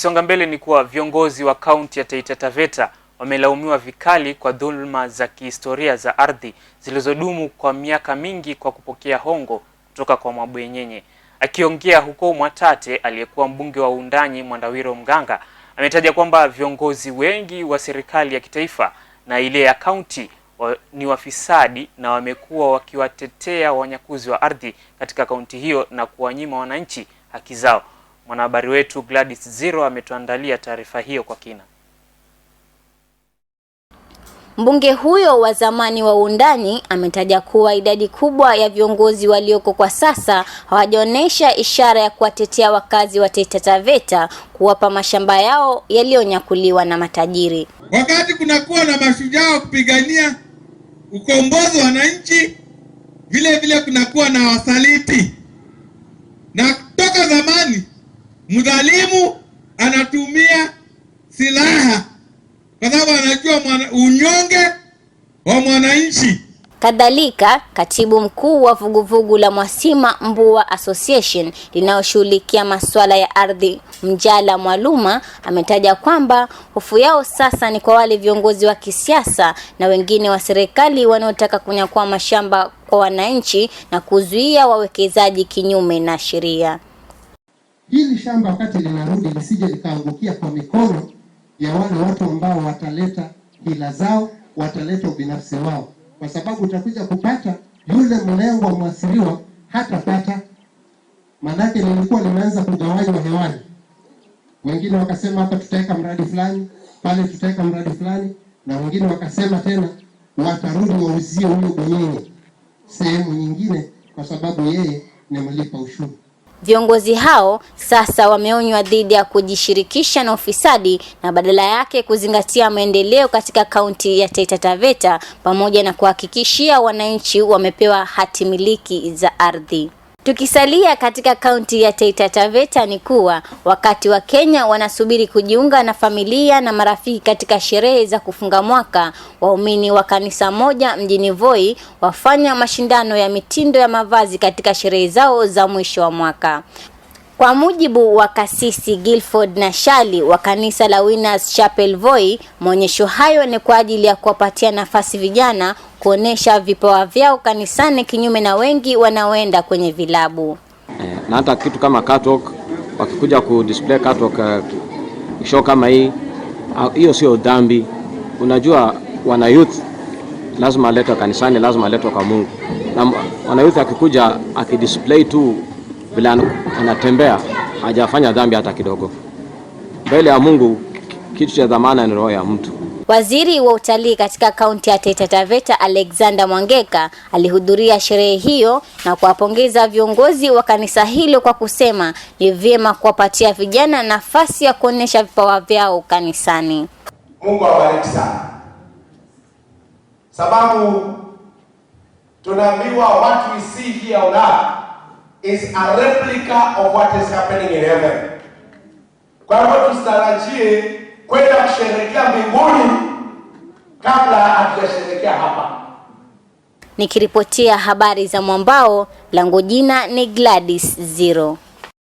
Tukisonga mbele ni kuwa viongozi wa kaunti ya Taita Taveta wamelaumiwa vikali kwa dhuluma za kihistoria za ardhi zilizodumu kwa miaka mingi kwa kupokea hongo kutoka kwa mabwenyenye. Akiongea huko Mwatate, aliyekuwa mbunge wa Undanyi Mwandawiro Mganga ametaja kwamba viongozi wengi wa serikali ya kitaifa na ile ya kaunti wa, ni wafisadi na wamekuwa wakiwatetea wanyakuzi wa ardhi katika kaunti hiyo na kuwanyima wananchi haki zao. Mwanahabari wetu Gladys Zero ametuandalia taarifa hiyo kwa kina. Mbunge huyo wa zamani wa Uundani ametaja kuwa idadi kubwa ya viongozi walioko kwa sasa hawajaonesha ishara ya kuwatetea wakazi wa Taita Taveta kuwapa mashamba yao yaliyonyakuliwa na matajiri. Wakati kunakuwa na mashujaa wa kupigania ukombozi wa wananchi, vile vile kunakuwa na wasaliti. Mdhalimu anatumia silaha kwa sababu anajua mwana, unyonge wa mwananchi. Kadhalika, katibu mkuu wa vuguvugu la Mwasima Mbua Association linayoshughulikia masuala ya ardhi Mjala Mwaluma ametaja kwamba hofu yao sasa ni kwa wale viongozi wa kisiasa na wengine wa serikali wanaotaka kunyakua mashamba kwa wananchi na kuzuia wawekezaji kinyume na sheria hili shamba wakati linarudi lisije likaangukia kwa mikono ya wale watu ambao wataleta hila zao, wataleta ubinafsi wao, kwa sababu utakuja kupata yule mlengwa mwathiriwa hatapata, maanake lilikuwa limeanza kugawanywa hewani. Wengine wakasema hapa tutaweka mradi fulani, pale tutaweka mradi fulani, na wengine wakasema tena watarudi wauzie huyo bwenyenye sehemu nyingine, kwa sababu yeye ni mlipa ushuru. Viongozi hao sasa wameonywa dhidi ya kujishirikisha na ufisadi na badala yake kuzingatia maendeleo katika kaunti ya Taita Taveta pamoja na kuhakikishia wananchi wamepewa hati miliki za ardhi. Tukisalia katika kaunti ya Taita Taveta ni kuwa wakati wa Kenya wanasubiri kujiunga na familia na marafiki katika sherehe za kufunga mwaka, waumini wa kanisa moja mjini Voi wafanya mashindano ya mitindo ya mavazi katika sherehe zao za mwisho wa mwaka. Kwa mujibu wa kasisi Gilford shali wa kanisa la Winners Chapel Voi, maonyesho hayo ni kwa ajili ya kuwapatia nafasi vijana kuonesha vipawa vyao kanisani, kinyume na wengi wanaoenda kwenye vilabu eh, na hata kitu kama catwalk, wakikuja ku display catwalk uh, show kama hii ah, hiyo, uh, sio dhambi. Unajua wana youth lazima aletwe kanisani, lazima aletwe kwa Mungu, na wana youth akikuja akidisplay tu vile anatembea hajafanya dhambi hata kidogo. Mbele ya Mungu kitu cha dhamana ni roho ya mtu. Waziri wa utalii katika kaunti ya Taita Taveta Alexander Mwangeka alihudhuria sherehe hiyo na kuwapongeza viongozi wa kanisa hilo kwa kusema ni vyema kuwapatia vijana nafasi ya kuonyesha vipawa vyao kanisani. Mungu awabariki sana, sababu tunaambiwa what we see here on earth is a replica of what is happening in heaven. Kwa hivyo tusitarajie kwenda kusherehekea mbinguni kabla hatujasherehekea hapa. Nikiripotia habari za Mwambao, langu jina ni Gladys Zero.